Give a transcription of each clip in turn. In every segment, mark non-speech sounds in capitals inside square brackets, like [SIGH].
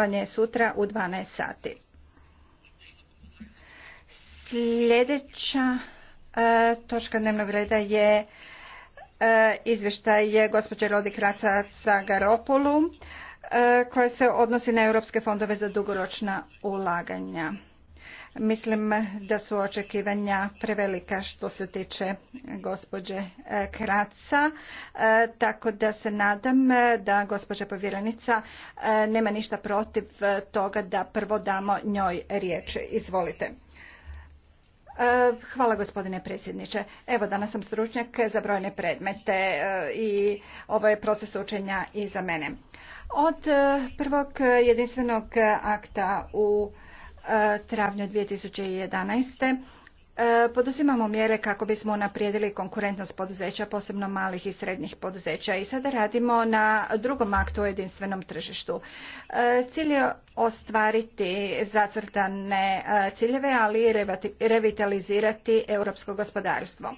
glasovanje sutra u 12 sati. Sljedeća e, točka dnevnog reda je e, izvještaj je gospođe Rodi Kracaca Garopolu e, koja se odnosi na europske fondove za dugoročna ulaganja. Mislim da su očekivanja prevelika što se tiče gospođe e, Kraca, e, tako da se nadam e, da gospođa povjerenica nema ništa protiv toga da prvo damo njoj riječ. Izvolite. Hvala gospodine predsjedniče. Evo danas sam stručnjak za brojne predmete i ovo je proces učenja i za mene. Od prvog jedinstvenog akta u Eh, travnju 2011. Eh, poduzimamo mjere kako bismo unaprijedili konkurentnost poduzeća, posebno malih i srednjih poduzeća i sada radimo na drugom aktu o jedinstvenom tržištu. Eh, cilj je ostvariti zacrtane ciljeve, ali i revitalizirati europsko gospodarstvo.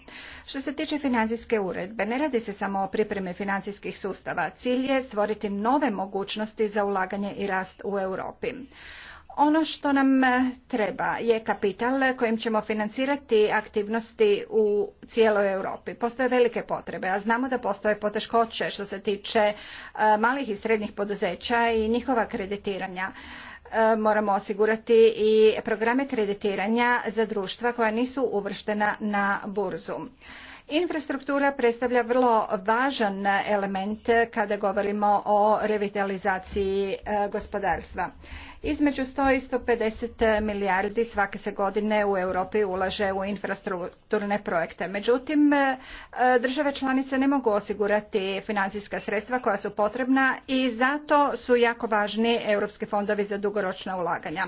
Što se tiče financijske uredbe, ne radi se samo o pripremi financijskih sustava. Cilj je stvoriti nove mogućnosti za ulaganje i rast u Europi. Ono što nam e, treba je kapital kojim ćemo financirati aktivnosti u cijeloj Europi. Postoje velike potrebe, a znamo da postoje poteškoće što se tiče e, malih i srednjih poduzeća i njihova kreditiranja. E, moramo osigurati i programe kreditiranja za društva koja nisu uvrštena na burzu. Infrastruktura predstavlja vrlo važan element kada govorimo o revitalizaciji gospodarstva. Između 100 i 150 milijardi svake se godine u Europi ulaže u infrastrukturne projekte. Međutim, e, države članice ne mogu osigurati financijska sredstva koja su potrebna i zato su jako važni europski fondovi za dugoročna ulaganja.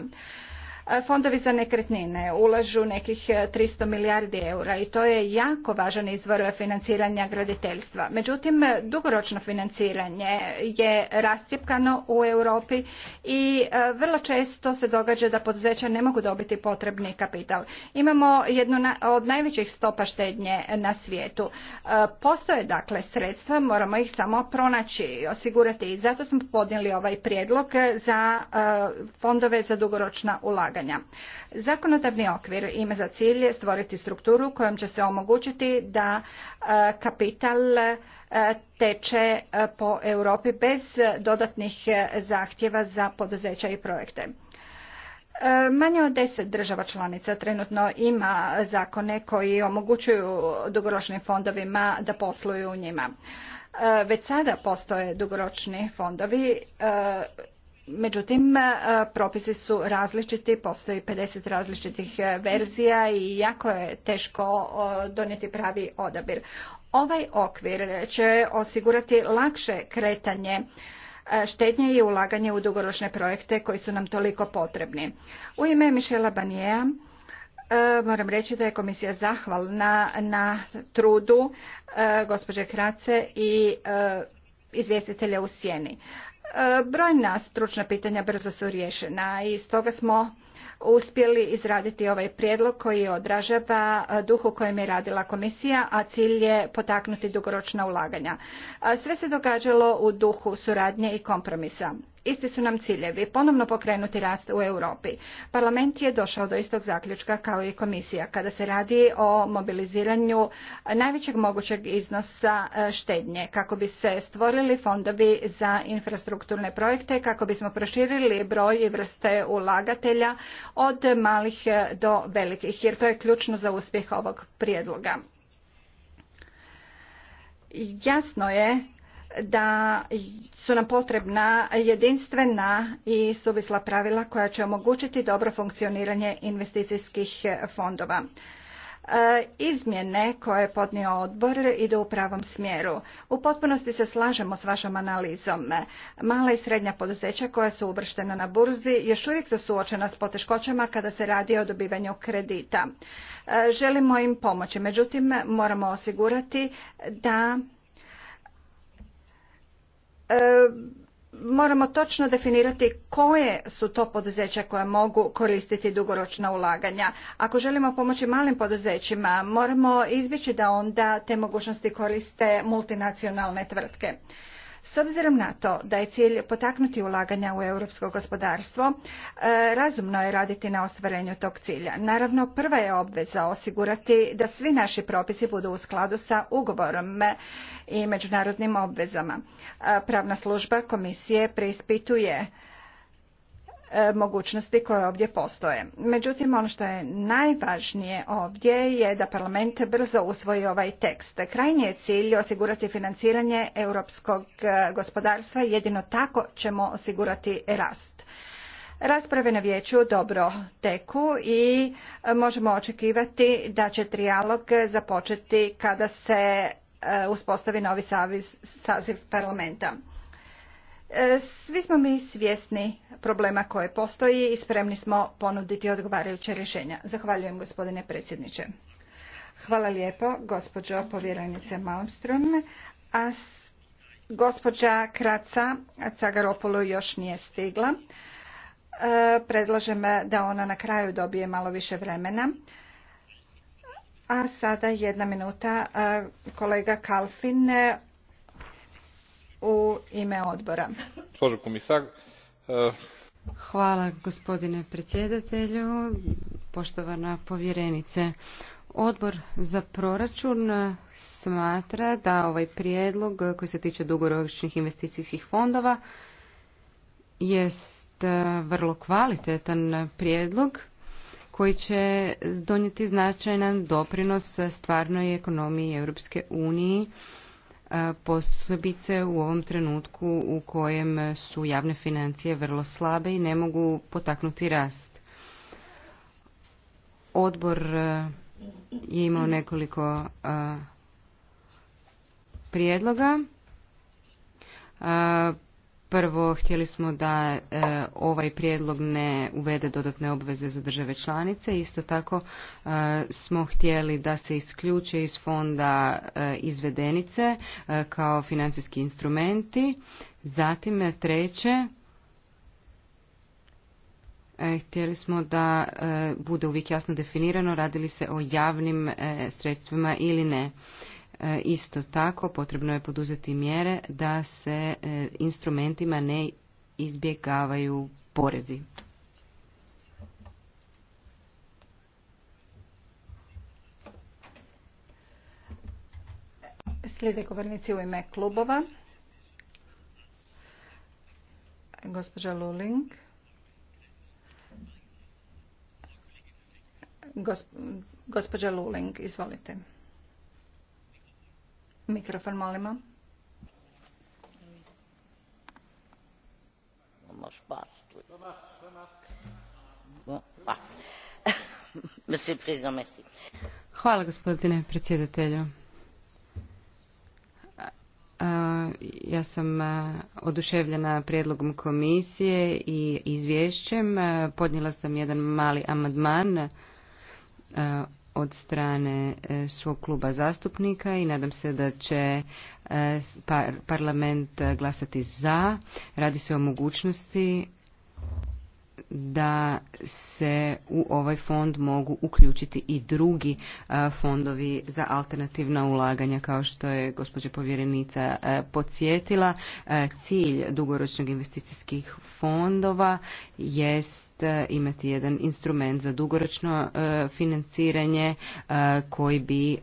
E, fondovi za nekretnine ulažu nekih 300 e, milijardi eura i to je jako važan izvor financiranja graditeljstva. Međutim, e, dugoročno financiranje je rascjepkano u Europi i vrlo često se događa da poduzeća ne mogu dobiti potrebni kapital. Imamo jednu od najvećih stopa štednje na svijetu. Postoje dakle sredstva, moramo ih samo pronaći i osigurati i zato smo podnijeli ovaj prijedlog za fondove za dugoročna ulaganja ulaganja. Zakonodavni okvir ima za cilj stvoriti strukturu kojom će se omogućiti da e, kapital e, teče e, po Europi bez dodatnih zahtjeva za poduzeća i projekte. Manje od deset država članica trenutno ima zakone koji omogućuju dugoročnim fondovima da posluju u njima. Već sada postoje dugoročni fondovi Međutim, e, propisi su različiti, postoji 50 različitih e, verzija i jako je teško donijeti pravi odabir. Ovaj okvir će osigurati lakše kretanje e, štednje i ulaganje u dugoročne projekte koji su nam toliko potrebni. U ime Mišela Banijeja moram reći da je komisija zahvalna na trudu gospođe Krace i izvjestitelja u Sjeni. E, brojna stručna pitanja brzo su riješena i stoga smo uspjeli izraditi ovaj prijedlog koji odražava duh u kojem je radila komisija, a cilj je potaknuti dugoročna ulaganja. Sve se događalo u duhu suradnje i kompromisa. Isti su nam ciljevi ponovno pokrenuti rast u Europi. Parlament je došao do istog zaključka kao i komisija kada se radi o mobiliziranju najvećeg mogućeg iznosa e, štednje kako bi se stvorili fondovi za infrastrukturne projekte kako bismo proširili broj i vrste ulagatelja od malih e, do velikih jer to je ključno za uspjeh ovog prijedloga. Jasno je da su nam potrebna jedinstvena i suvisla pravila koja će omogućiti dobro funkcioniranje investicijskih fondova. E, izmjene koje je podnio odbor idu u pravom smjeru. U potpunosti se slažemo s vašom analizom. Mala i srednja poduzeća koja su uvrštena na burzi još uvijek su suočena s poteškoćama kada se radi o dobivanju kredita. E, želimo im pomoći, međutim moramo osigurati da E, moramo točno definirati koje su to poduzeća koja mogu koristiti dugoročna ulaganja. Ako želimo pomoći malim poduzećima, moramo izbjeći da onda te mogućnosti koriste multinacionalne tvrtke. S obzirom na to da je cilj potaknuti ulaganja u europsko gospodarstvo, e, razumno je raditi na ostvarenju tog cilja. Naravno, prva je obveza osigurati da svi naši propisi budu u skladu sa ugovorom i međunarodnim obvezama. E, pravna služba komisije preispituje E, mogućnosti koje ovdje postoje. Međutim, ono što je najvažnije ovdje je da parlament brzo usvoji ovaj tekst. Krajnji je cilj osigurati financiranje europskog e, gospodarstva i jedino tako ćemo osigurati rast. Rasprave na vijeću dobro teku i e, možemo očekivati da će trijalog započeti kada se uspostavi novi saziv parlamenta. E, svi smo mi svjesni problema koje postoji i spremni smo ponuditi odgovarajuće rješenja. Zahvaljujem gospodine predsjedniče. Hvala lijepo gospođo povjerenice Malmström. A gospođa Kraca Cagaropolu još nije stigla. E, predlažem da ona na kraju dobije malo više vremena. A sada jedna minuta e, kolega Kalfin u ime odbora. E, Hvala gospodine predsjedatelju, poštovana povjerenice. Odbor za proračun smatra da ovaj prijedlog koji se tiče dugoročnih investicijskih fondova jest vrlo kvalitetan prijedlog koji će donijeti značajan doprinos stvarnoj ekonomiji Europske unije E, posebice u ovom trenutku u kojem su javne financije vrlo slabe i ne mogu potaknuti rast. Odbor e, je imao nekoliko e, prijedloga. Prvo, htjeli smo da e, ovaj prijedlog ne uvede dodatne obveze za države članice. Isto tako e, smo htjeli da se isključe iz fonda e, izvedenice kao financijski instrumenti. Zatim, treće, htjeli smo da bude uvijek jasno definirano radili se o javnim sredstvima ili ne. E, isto tako potrebno je poduzeti mjere da se e, instrumentima ne izbjegavaju porezi. Slijede govornici u ime klubova. Gospođa Luling. Gospođa Luling, izvolite. Mikrofon, molimo. Pa. [LAUGHS] Hvala gospodine predsjedatelju. Ja sam oduševljena prijedlogom komisije i izvješćem. Podnijela sam jedan mali amandman od strane e, svog kluba zastupnika i nadam se da će e, parlament e, glasati za. Radi se o mogućnosti da se u ovaj fond mogu uključiti i drugi e, fondovi za alternativna ulaganja kao što je gospođa povjerenica e, podsjetila. E, cilj dugoročnog investicijskih fondova jest imati jedan instrument za dugoročno financiranje koji bi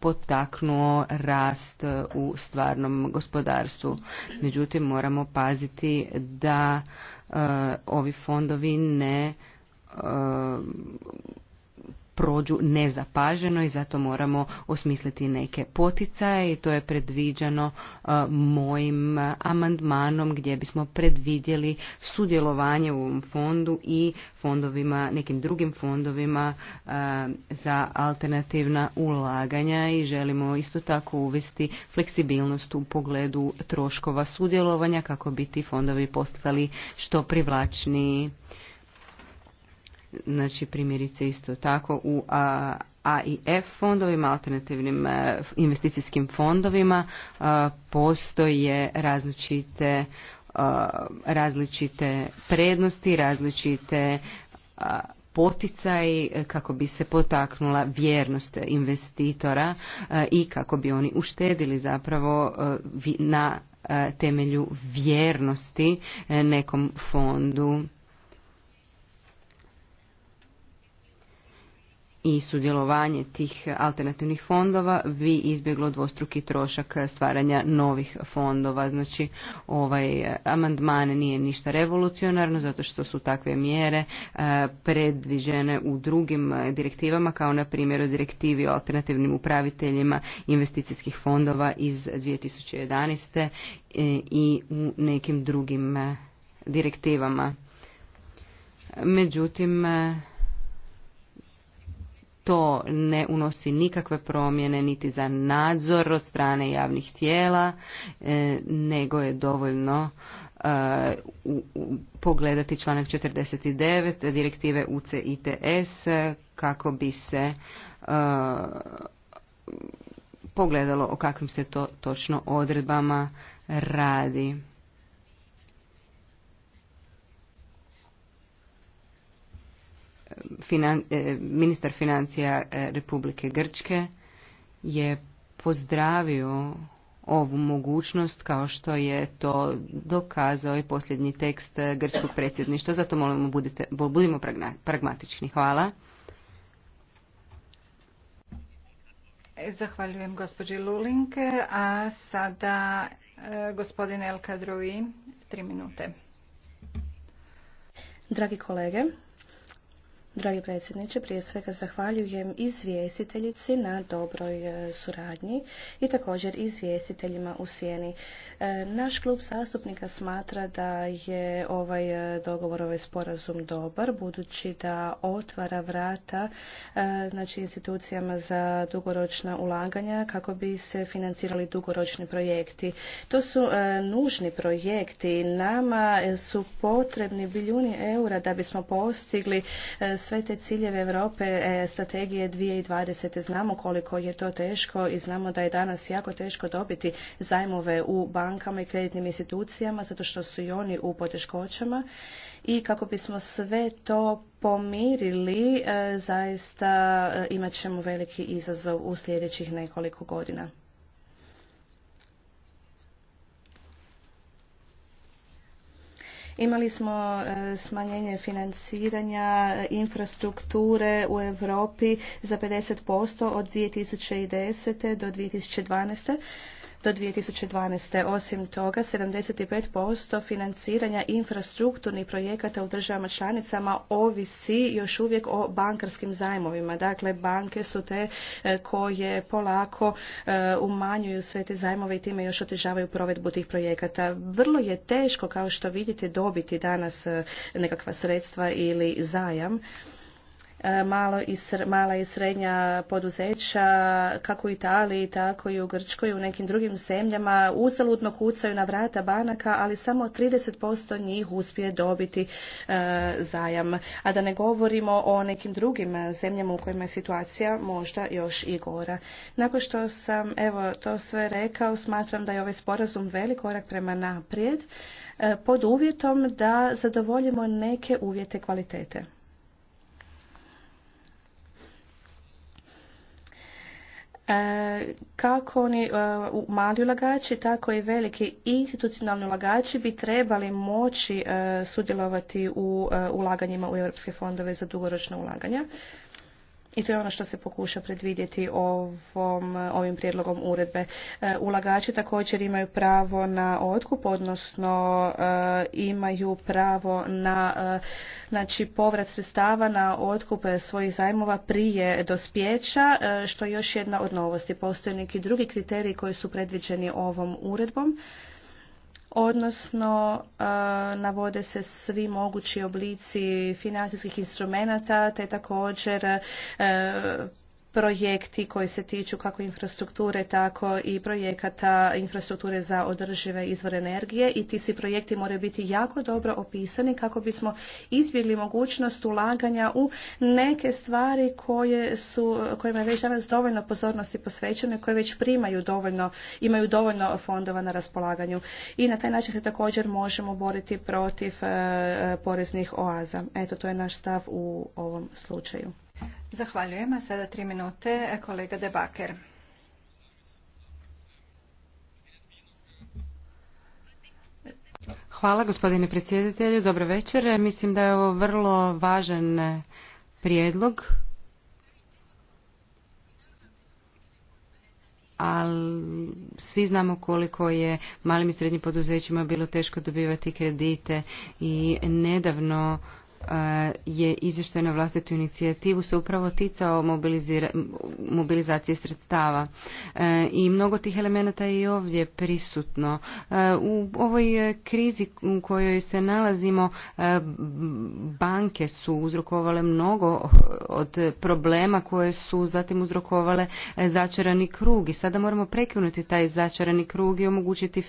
potaknuo rast u stvarnom gospodarstvu. Međutim, moramo paziti da E, ovi fondovi ne e, prođu nezapaženo i zato moramo osmisliti neke poticaje i to je predviđano e, mojim amandmanom gdje bismo predvidjeli sudjelovanje u ovom fondu i fondovima, nekim drugim fondovima e, za alternativna ulaganja i želimo isto tako uvesti fleksibilnost u pogledu troškova sudjelovanja kako bi ti fondovi postali što privlačniji znači primjerice isto tako u AIF fondovima, alternativnim e, investicijskim fondovima e, postoje različite e, različite prednosti, različite poticaji kako bi se potaknula vjernost investitora i kako bi oni uštedili zapravo na temelju vjernosti nekom fondu i sudjelovanje tih alternativnih fondova bi izbjeglo dvostruki trošak stvaranja novih fondova. Znači ovaj eh, amandman nije ništa revolucionarno zato što su takve mjere eh, predviđene u drugim eh, direktivama kao na primjer direktivi o alternativnim upraviteljima investicijskih fondova iz 2011. i u nekim drugim direktivama. Međutim, to ne unosi nikakve promjene niti za nadzor od strane javnih tijela, e, nego je dovoljno e, pogledati članak 49 direktive UCITS kako bi se e, pogledalo o kakvim se to točno odredbama radi. finan, e, ministar financija e, Republike Grčke je pozdravio ovu mogućnost kao što je to dokazao i posljednji tekst grčkog predsjedništva. Zato molimo budite, budimo pragmatični. Hvala. E, zahvaljujem gospođi Lulinke, a sada gospodin El Kadrovi, tri minute. Dragi kolege, Dragi predsjedniče, prije svega zahvaljujem izvjestiteljici na dobroj e, suradnji i također izvjestiteljima u sjeni. E, naš klub zastupnika smatra da je ovaj e, dogovor, ovaj sporazum dobar, budući da otvara vrata znači, institucijama za dugoročna ulaganja kako bi se financirali dugoročni projekti. To su nužni projekti. Nama su potrebni biljuni eura da bismo postigli sve te ciljeve Europe, e, strategije 2020. Znamo koliko je to teško i znamo da je danas jako teško dobiti zajmove u bankama i kreditnim institucijama zato što su i oni u poteškoćama i kako bismo sve to pomirili e, zaista e, imat ćemo veliki izazov u sljedećih nekoliko godina. Imali smo e, smanjenje financiranja infrastrukture u Europi za 50% od 2010. do 2012 do 2012. Osim toga, 75% financiranja infrastrukturnih projekata u državama članicama ovisi još uvijek o bankarskim zajmovima. Dakle, banke su te e, koje polako e, umanjuju sve te zajmove i time još otežavaju provedbu tih projekata. Vrlo je teško, kao što vidite, dobiti danas e, nekakva sredstva ili zajam E, malo i mala i srednja poduzeća kako u Italiji, tako i u Grčkoj i u nekim drugim zemljama uzaludno kucaju na vrata banaka, ali samo 30% njih uspije dobiti e, zajam. A da ne govorimo o nekim drugim zemljama u kojima je situacija možda još i gora. Nakon što sam evo to sve rekao, smatram da je ovaj sporazum velik korak prema naprijed e, pod uvjetom da zadovoljimo neke uvjete kvalitete. E, kako oni e, mali ulagači, tako i veliki institucionalni ulagači bi trebali moći e, sudjelovati u ulaganjima u europske fondove za dugoročna ulaganja i to je ono što se pokuša predvidjeti ovom, ovim prijedlogom uredbe. E, ulagači također imaju pravo na otkup, odnosno e, imaju pravo na e, znači, povrat sredstava na otkup svojih zajmova prije dospjeća, što je još jedna od novosti. Postoje neki drugi kriteriji koji su predviđeni ovom uredbom odnosno navode se svi mogući oblici financijskih instrumenata te također projekti koji se tiču kako infrastrukture, tako i projekata infrastrukture za održive izvore energije i ti svi projekti moraju biti jako dobro opisani kako bismo izbjegli mogućnost ulaganja u neke stvari koje su, kojima je već danas dovoljno pozornosti posvećene, koje već primaju dovoljno, imaju dovoljno fondova na raspolaganju. I na taj način se također možemo boriti protiv eh, poreznih oaza. Eto, to je naš stav u ovom slučaju. Zahvaljujem. sada tri minute, e, kolega Debaker. Hvala gospodine predsjedatelju, dobro večer. Mislim da je ovo vrlo važan e, prijedlog, ali svi znamo koliko je malim i srednjim poduzećima bilo teško dobivati kredite i nedavno je izvještaj na vlastitu inicijativu se upravo ticao mobilizacije sredstava. E, I mnogo tih elemenata je i ovdje prisutno. E, u ovoj e, krizi u kojoj se nalazimo banke su uzrokovale mnogo od problema koje su zatim uzrokovale začarani krug i sada moramo prekinuti taj začarani krug i omogućiti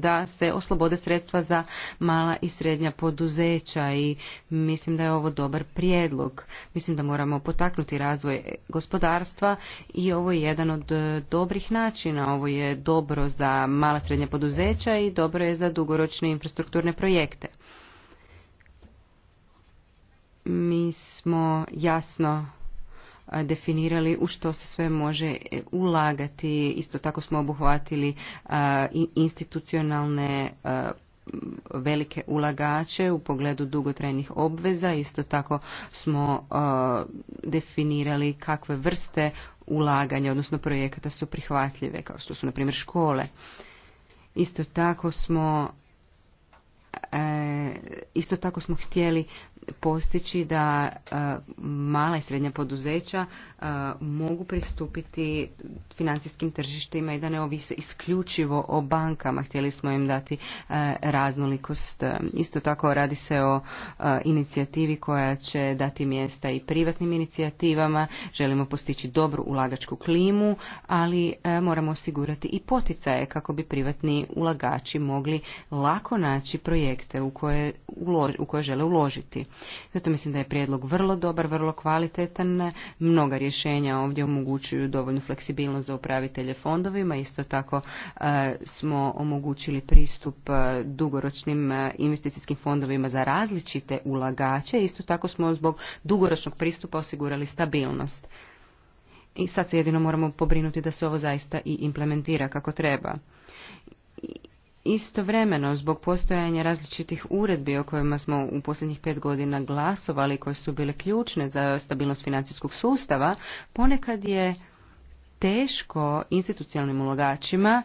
da se oslobode sredstva za mala i srednja poduzeća i mislim da je ovo dobar prijedlog. Mislim da moramo potaknuti razvoj gospodarstva i ovo je jedan od e, dobrih načina. Ovo je dobro za mala srednja poduzeća i dobro je za dugoročne infrastrukturne projekte. Mi smo jasno e, definirali u što se sve može e, ulagati. Isto tako smo obuhvatili institucionalne velike ulagače u pogledu dugotrajnih obveza. Isto tako smo uh, definirali kakve vrste ulaganja, odnosno projekata su prihvatljive, kao što su, na primjer, škole. Isto tako smo E, isto tako smo htjeli postići da e, mala i srednja poduzeća e, mogu pristupiti financijskim tržištima i da ne ovise isključivo o bankama. Htjeli smo im dati raznolikost. Isto tako radi se o inicijativi koja će dati mjesta i privatnim inicijativama. Želimo postići dobru ulagačku klimu, ali moramo osigurati i poticaje kako bi privatni ulagači mogli lako naći projekte projekte u koje, u koje žele uložiti. Zato mislim da je prijedlog vrlo dobar, vrlo kvalitetan. Mnoga rješenja ovdje omogućuju dovoljnu fleksibilnost za upravitelje fondovima. Isto tako e, smo omogućili pristup e, dugoročnim e, investicijskim fondovima za različite ulagače. Isto tako smo zbog dugoročnog pristupa osigurali stabilnost. I sad se jedino moramo pobrinuti da se ovo zaista i implementira kako treba. Istovremeno, zbog postojanja različitih uredbi o kojima smo u posljednjih pet godina glasovali, koje su bile ključne za stabilnost financijskog sustava, ponekad je teško institucionalnim ulagačima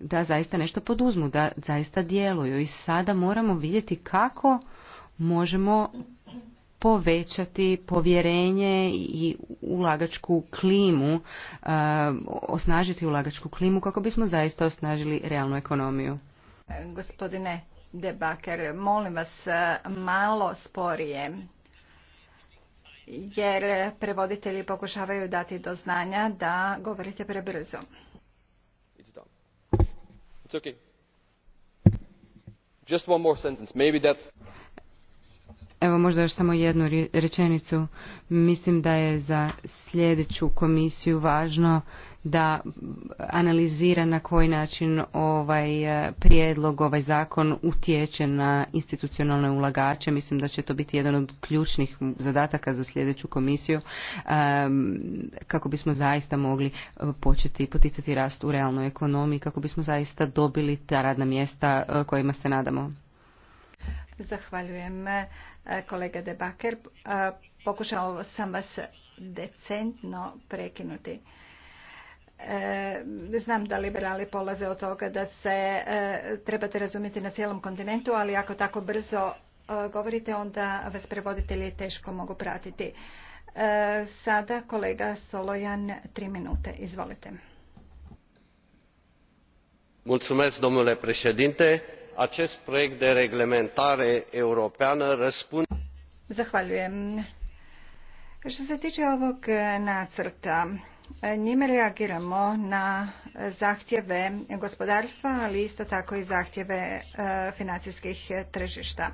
da zaista nešto poduzmu, da zaista djeluju. I sada moramo vidjeti kako možemo povećati povjerenje i ulagačku klimu, eh, osnažiti ulagačku klimu kako bismo zaista osnažili realnu ekonomiju. Gospodine Debaker, molim vas malo sporije jer prevoditelji pokušavaju dati do znanja da govorite prebrzo. It's okay. Just one more sentence. Maybe that... Evo možda još samo jednu rečenicu. Mislim da je za sljedeću komisiju važno da analizira na koji način ovaj e, prijedlog, ovaj zakon utječe na institucionalne ulagače. Mislim da će to biti jedan od ključnih zadataka za sljedeću komisiju kako bismo zaista mogli e, početi poticati rast u realnoj ekonomiji, kako bismo zaista dobili ta radna mjesta e, kojima se nadamo. Zahvaljujem e, kolega De Baker. E, pokušao sam vas decentno prekinuti. E, znam da liberali polaze od toga da se trebate razumjeti na cijelom kontinentu, ali ako tako brzo govorite, onda vas prevoditelji teško mogu pratiti. Sada kolega Solojan tri minute. Izvolite. Mulțumesc, domnule președinte acest proiect de reglementare europeană răspunde Zahvaljujem. Što se tiče ovog e, nacrta, e, njime reagiramo na zahtjeve gospodarstva, ali isto tako i zahtjeve e, financijskih tržišta.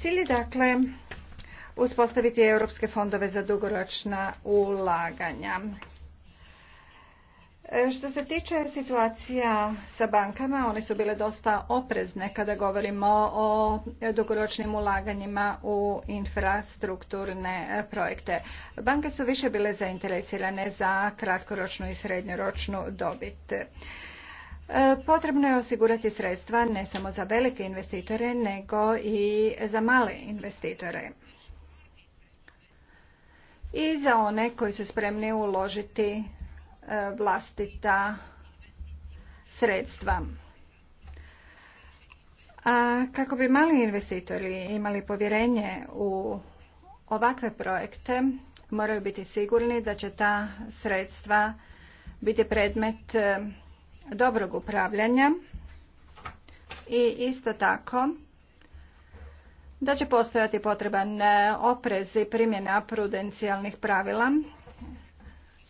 Cilj je dakle uspostaviti europske fondove za dugoročna ulaganja E, što se tiče situacija sa bankama, one su bile dosta oprezne kada govorimo o dugoročnim ulaganjima u infrastrukturne projekte. Banke su više bile zainteresirane za kratkoročnu i srednjoročnu dobit. E, potrebno je osigurati sredstva ne samo za velike investitore, nego i za male investitore i za one koji su spremni uložiti vlastita sredstva. A kako bi mali investitori imali povjerenje u ovakve projekte, moraju biti sigurni da će ta sredstva biti predmet e, dobrog upravljanja i isto tako da će postojati potreban e, oprez i primjena prudencijalnih pravila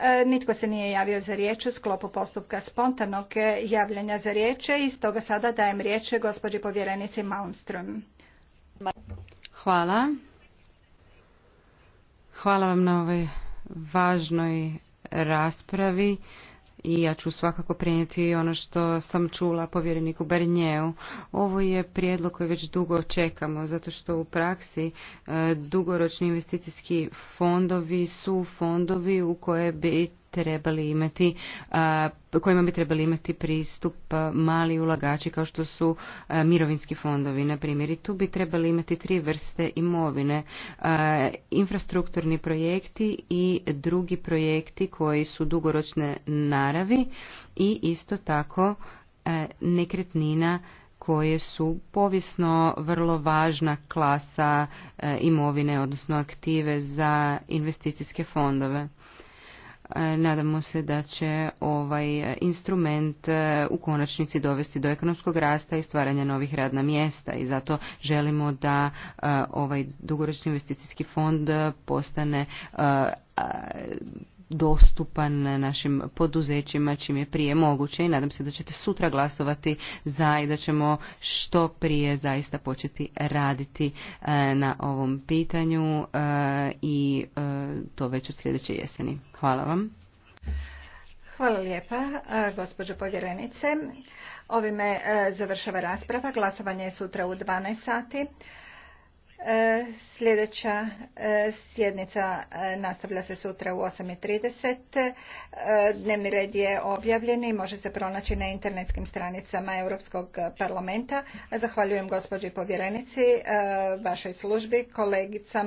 E, nitko se nije javio za riječ u sklopu postupka spontanog e, javljanja za riječ e, i stoga sada dajem riječ gospođi povjerenici Malmström. Hvala. Hvala vam na ovoj važnoj raspravi i ja ću svakako prenijeti ono što sam čula povjereniku Barnjeu. Ovo je prijedlog koji već dugo čekamo, zato što u praksi e, dugoročni investicijski fondovi su fondovi u koje bi trebali imati, kojima bi trebali imati pristup mali ulagači kao što su mirovinski fondovi, na primjer. I tu bi trebali imati tri vrste imovine. Infrastrukturni projekti i drugi projekti koji su dugoročne naravi i isto tako nekretnina koje su povijesno vrlo važna klasa imovine, odnosno aktive za investicijske fondove. E, nadamo se da će ovaj instrument e, u konačnici dovesti do ekonomskog rasta i stvaranja novih radna mjesta i zato želimo da e, ovaj dugoročni investicijski fond postane dostupan našim poduzećima čim je prije moguće i nadam se da ćete sutra glasovati za i da ćemo što prije zaista početi raditi e, na ovom pitanju e, i e, to već od sljedeće jeseni. Hvala vam. Hvala lijepa, gospođo povjerenice. Ovime završava rasprava. Glasovanje je sutra u 12 sati. E, sljedeća e, sjednica e, nastavlja se sutra u 8.30. Dnevni red je objavljen i može se pronaći na internetskim stranicama Europskog parlamenta. Zahvaljujem gospođi povjerenici, vašoj službi, kolegica